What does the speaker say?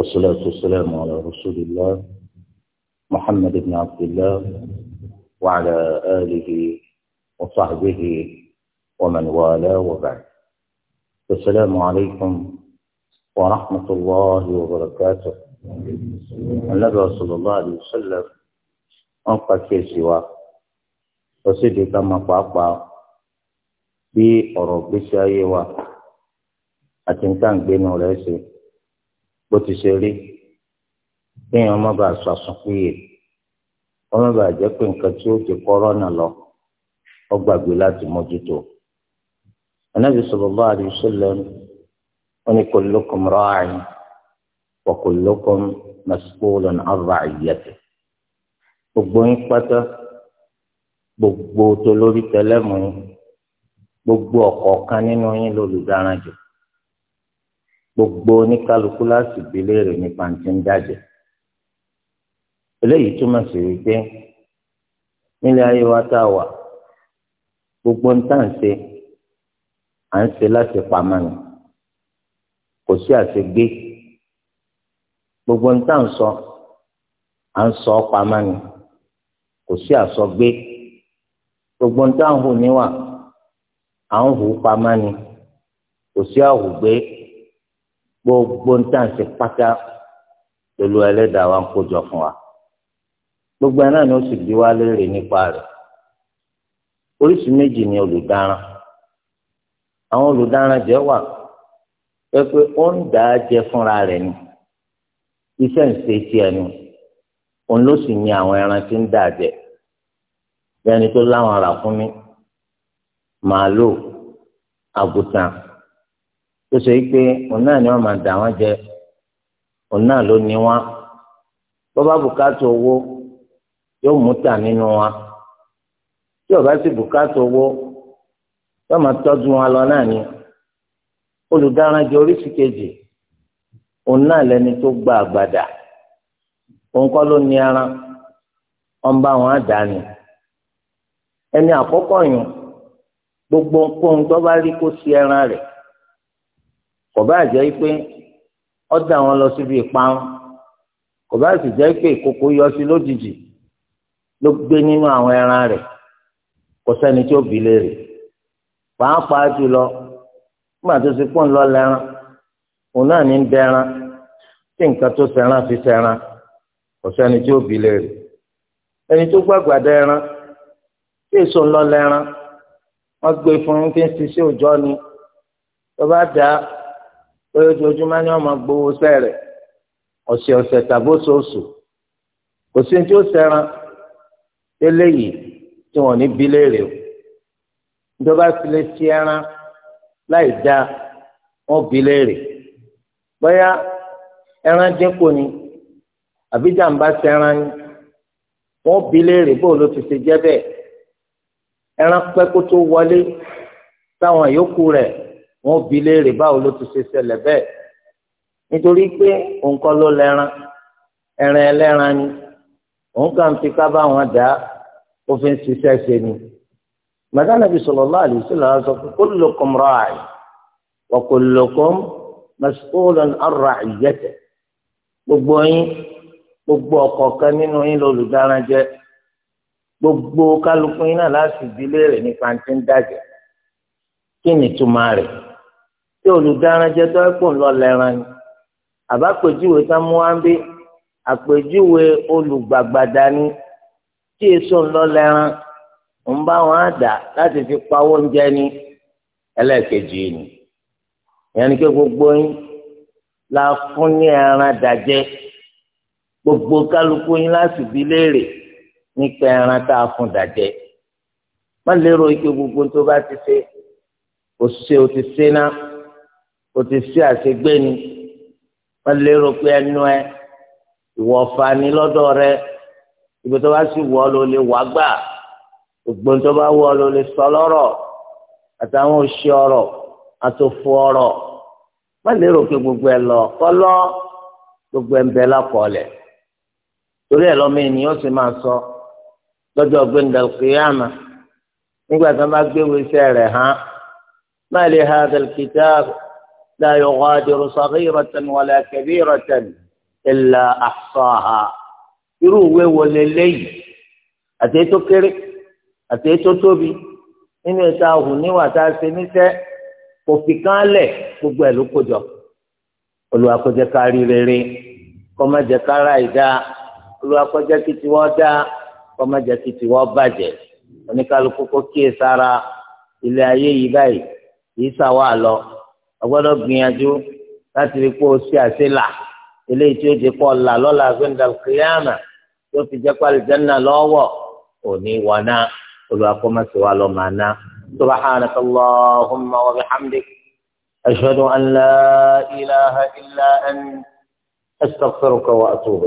والصلاة والسلام على رسول الله محمد بن عبد الله وعلى آله وصحبه ومن والاه وبعد السلام عليكم ورحمة الله وبركاته النبي صلى الله عليه وسلم أنقى في سوى وسيدي كما قاقا في أوروبيسيا يوا أتنكان بينه ليسي bó ti ṣe rí kéèyàn má bàa sọ àsùnkúyè kó má bàa jẹ́ pé nǹkan tí ó ti kọ́rọ́nà lọ ó gbàgbé láti mójútó. Ànábì sallallahu alaihi wasallam ó ní kullukum ra'in wa kullukum mas'ulun 'an ra'iyyatihi. gbogbo yín pátá gbogbo tó lórí tẹlẹ́mù yín gbogbo ọ̀kọ̀ọ̀kan nínú yín lólùdáran jù gbogbo oníkálukú láti bi léèrè nípa ti ń dájẹ eléyìí túmọ̀ sí wípé nílé ayé wa tá a wà gbogbo ń tà ń ṣe à ń ṣe láti pamọ́ ni kò sí àṣegbé gbogbo ń tà à ń sọ pamọ́ ni kò sí àsọgbé gbogbo ń tà níwà à ń hù pamọ́ ni kò sí àhùgbé gbogbo ń tàn sí pátá pẹ̀lú ẹlẹ́dàá wa ń kójọ fún wa gbogbo ẹ̀ náà ni ó sì bí wá léèrè nípa rẹ̀ oríṣi méjì ni olùdaràn àwọn olùdaràn jẹ́ wà pé pé ó ń dà á jẹ fúnra rẹ̀ ni iṣẹ́ ń ṣe tiẹ̀ ni òun ló sì ní àwọn ẹran tí ń dà jẹ bẹ́ẹ̀ tó láwọn rà fún mi màálù àgùtàn tó ṣe é pé òun náà ni wọ́n máa dà wọ́n jẹ òun náà ló ní wọ́n tó bá bùkátà owó yóò mú tà nínú wọn tí ó bá sì bùkátà owó yóò máa tọ́jú wọn lọ náà ni olùdaràn jẹ oríṣi kejì òun náà lẹni tó gba àgbàdà òun kọ́ ló ní ẹran wọ́n bá wọn dání ẹni àkọ́kọ́ yẹn gbogbo ohun tó bá rí kó sí ẹran rẹ̀ kò bá jẹ́ pé ó wọn lọ síbi ìparun kò bá sì jẹ́ pé ìkókó yọ sí lójijì ló gbé nínú àwọn ẹran rẹ̀ kò tí ó léèrè pàápàá jùlọ nígbà tó ti lọ lẹ́ran òun náà ní ń tí nǹkan tó sẹ́ran fi sẹ́ran kò sẹ́ni tí ó léèrè ẹni tó gbàgbà tí èso ń lọ lẹ́ran wọ́n gbé fún un ṣiṣẹ́ pé ojoojúmọ́ ni wọ́n máa gbowó sẹ́rẹ̀ ọ̀sẹ̀ ọ̀sẹ̀ tàbóṣooṣù kò sí tí ó sẹ́ran eléyìí tí wọ́n ní bí léèrè o ìjọba ti lè ti ẹran láì dá wọn bí léèrè bóyá ẹran dínkù ni àbí sẹ́ran ni wọ́n bí léèrè ló wọn bi léèrè báwo ló ti ṣe ṣẹlẹ̀ bẹ́ẹ̀ nítorí pé nǹkan ló lẹran ẹran ẹlẹ́ran ni òun kàn fi ká bá wọn dá òfin ṣiṣẹ́ ṣe ni madanabi sallallahu alaihi wasallam sọ pé kullukum ra'i wa kullukum mas'ulun an ra'iyyatihi gbogbo yín gbogbo ọ̀kọ̀ọ̀kan nínú yín lọlùdáranjẹ gbogbo kálukú yín náà láti bi léèrè nípa ti ń dàjẹ kí ni túmọ̀ rẹ̀ olùdáranjẹ tó ẹ̀pọ̀ ń lọ lẹ́ran ni àbápèjúwe tán mú wá ń bí àpèjúwe olùgbàgbàdà ni tí èso ń lọ lẹ́ran ń bá wọn á dà láti fi pawó oúnjẹ ní ẹlẹ́ẹ̀kejì ni ìyẹn ni pé gbogbo yín la fún ní ẹran dàjẹ́ gbogbo kálukú yín láti bí léèrè nípa ẹran tá a fún dàjẹ́ má lérò ike gbogbo tó bá ti ṣe òṣìṣẹ́ ò ti ṣe náà o ti ṣe àṣegbé ni wọ́n lérò pé ẹnu ẹ ìwọ fani lọ́dọ̀ rẹ ibi tó bá sì wọ́ ló lè wá gbà gbogbo tó bá wọ́ ló lè sọ lọ́rọ̀ àtàwọn òṣì ọ̀rọ̀ àtòfò ọ̀rọ̀ wọ́n lérò pé gbogbo ẹ lọ kọ́lọ́ gbogbo ẹ ń bẹ lákọọ́lẹ̀ torí ẹ lọ́mọ ènìyàn sì máa sọ lọ́jọ́ gbẹ̀ndẹ̀ kìyàmà nígbà tó bá gbé wíṣẹ́ rẹ̀ hàn máa lè ha àtẹ̀lẹ́kìtà rẹ̀. لا يغادر صغيرة ولا كبيرة إلا أحصاها irú ìwé wo leléyìí àti ètò kéré àti ètò tóbi nínú ìta ọ̀hún níwà tá a ṣe níṣẹ́ kò fi kán lẹ̀ gbogbo ẹ̀ ló kójọ Olúwa kó jẹ́ ká rí rere kó má jẹ́ ká ra ìdá Olúwa kó jẹ́ kí tiwọ́ dá kó má jẹ́ kí tiwọ́ bàjẹ́ oníkálukú kó kíyè sára ilé ayé yìí báyìí kì í sá wà lọ ọgbọ́dọ̀ gbìyànjú láti rí pé o ṣe àṣelà eléyìí tí ó ti kọ́ ọ̀la lọ́la gbẹ̀ndàl kìlíàmà tó fi jẹ́ pàlìjánná lọ́wọ́ òní wọ̀nà olùwàkọ́mọ̀síwá lọ́ màá ná subhanaka allahumma wa bihamdik ashhadu an la ilaha illa ant astaghfiruka wa atubu